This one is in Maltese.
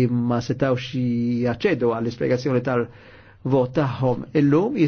imma setaw xie jaċċedu għall-ispiegazzjoni tal-vot tagħhom illum